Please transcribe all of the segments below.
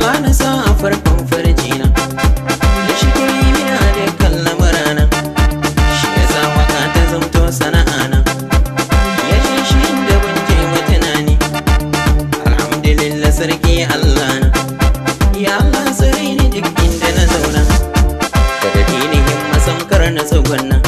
amma na sa a farkon farjina da shi ke yi mina da kallon murana shi ya sa waka ta zamto sana'a na. shi shi da wanke wa tunani alhamdulillah sarki allah na ya allah sarai ni duk inda na zauna kada dinihin masamkar na tsugunna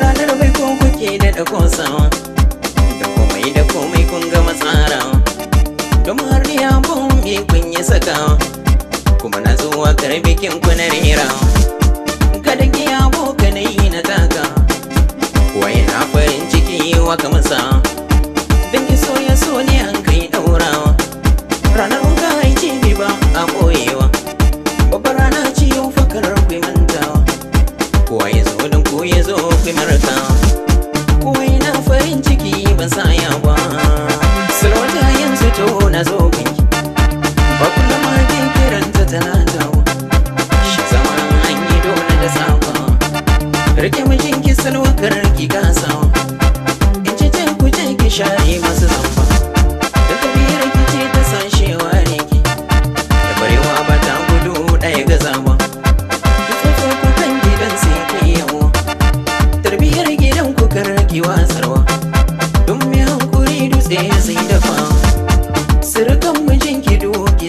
ranar bai ko kuke da da kosawa da komai da komai kun ga matsara don har ni abun kun yi saka, kuma na zuwa karbikin ku na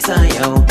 tayo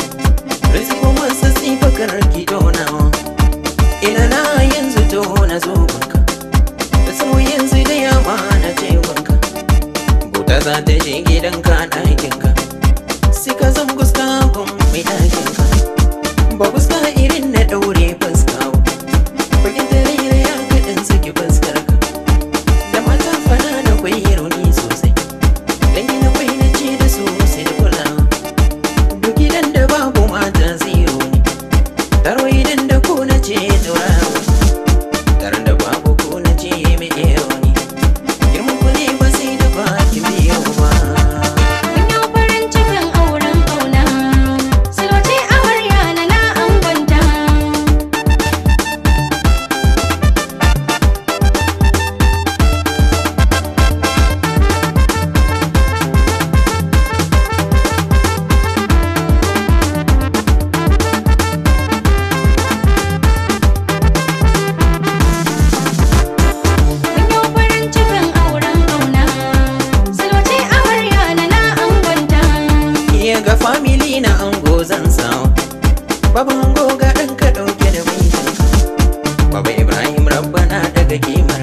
da kimar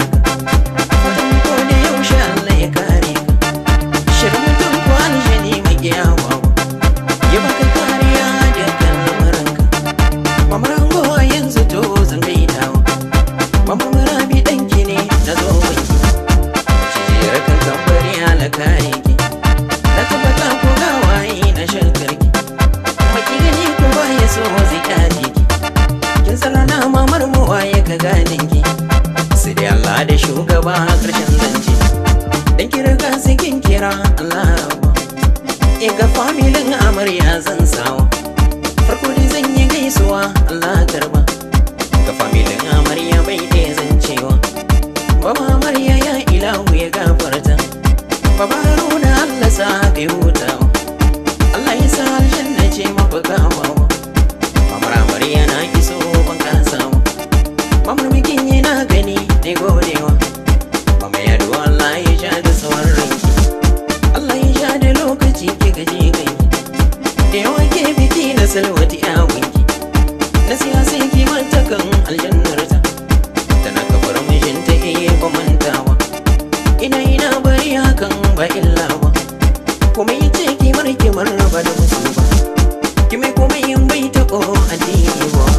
Watan ko da yaushe Allah ya kare ka Shirin mutum ko aljani magiya wawa Yi baka kariya dukkan lamarin ka Mamara yanzu to zan gaidawa Mamara bi danki ne na zo wanki Cijiyar kan tambari ala kare ki Na tabbata ko gawayi na shan karki Maki gani ko ya so zai kare ki Kin tsara na mamar mu ka gane ki Allah karba ga familin amarya bai ɗaya zancewa baba amarya ya ilahu ya gafarta baba haruna Allah sa haka yi hutawa Allah ya sa aljanna ce mafi kamawa mamar amarya na iso ban kasawa mamar bikin yana gani ne godewa mama ya duwa Allah ya sha da tsawon rai Allah ya sha da lokaci ki gaji kai da yawa ke biki na salwa ba illa ba kuma yi ce kimar kimar raba da musu ba kimi kuma yin bai taɓo addini ba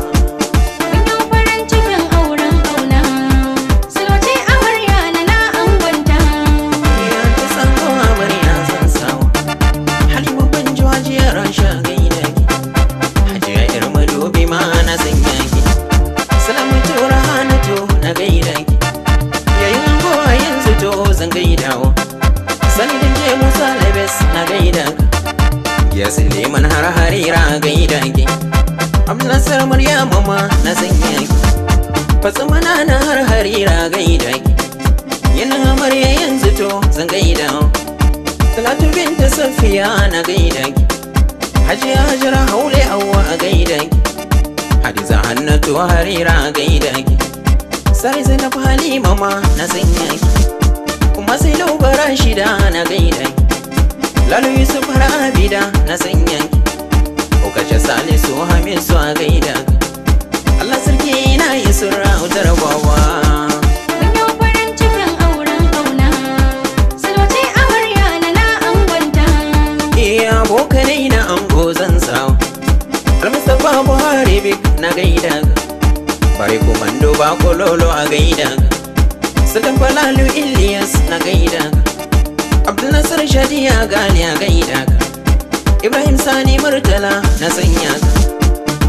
fatsi mana na har harira gaida yana amarya yanzu to zan gaida talatu binta safiya na gaida hajiya hajira haule awwa a gaida hadiza hannatu harira gaida sai zainab halima ma na sanya kuma sai laubara shida na gaida lalu yusuf har abida na sanya ko kace salisu hamisu a gaida Mustapha Buhari na gaida Bare komando ba kololo a gaida Sadan Balalu Ilyas na gaida Abdul Nasir Shadiya Gali a gaida Ibrahim Sani Murtala na sanya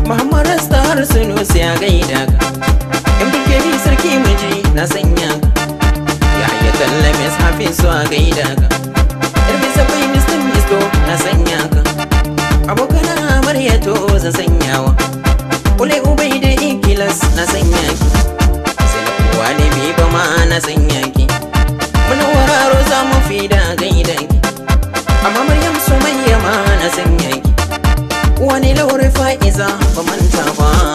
Muhammad Rasta har Sunusi a gaida In Bulkebi Sarki Miji na sanya Ya ya kalla Miss Hafizu a gaida Irbisa bai Mr. Misto na sanya ka Abokan har ya to zan sanyawa kule ubai da ikilas na sanya ki sai na ne bi ba ma na sanya ki muna wararo za mu fi da gaida ki amma maryam sumayya ma na sanya ki wani laure fa'iza ba manta ba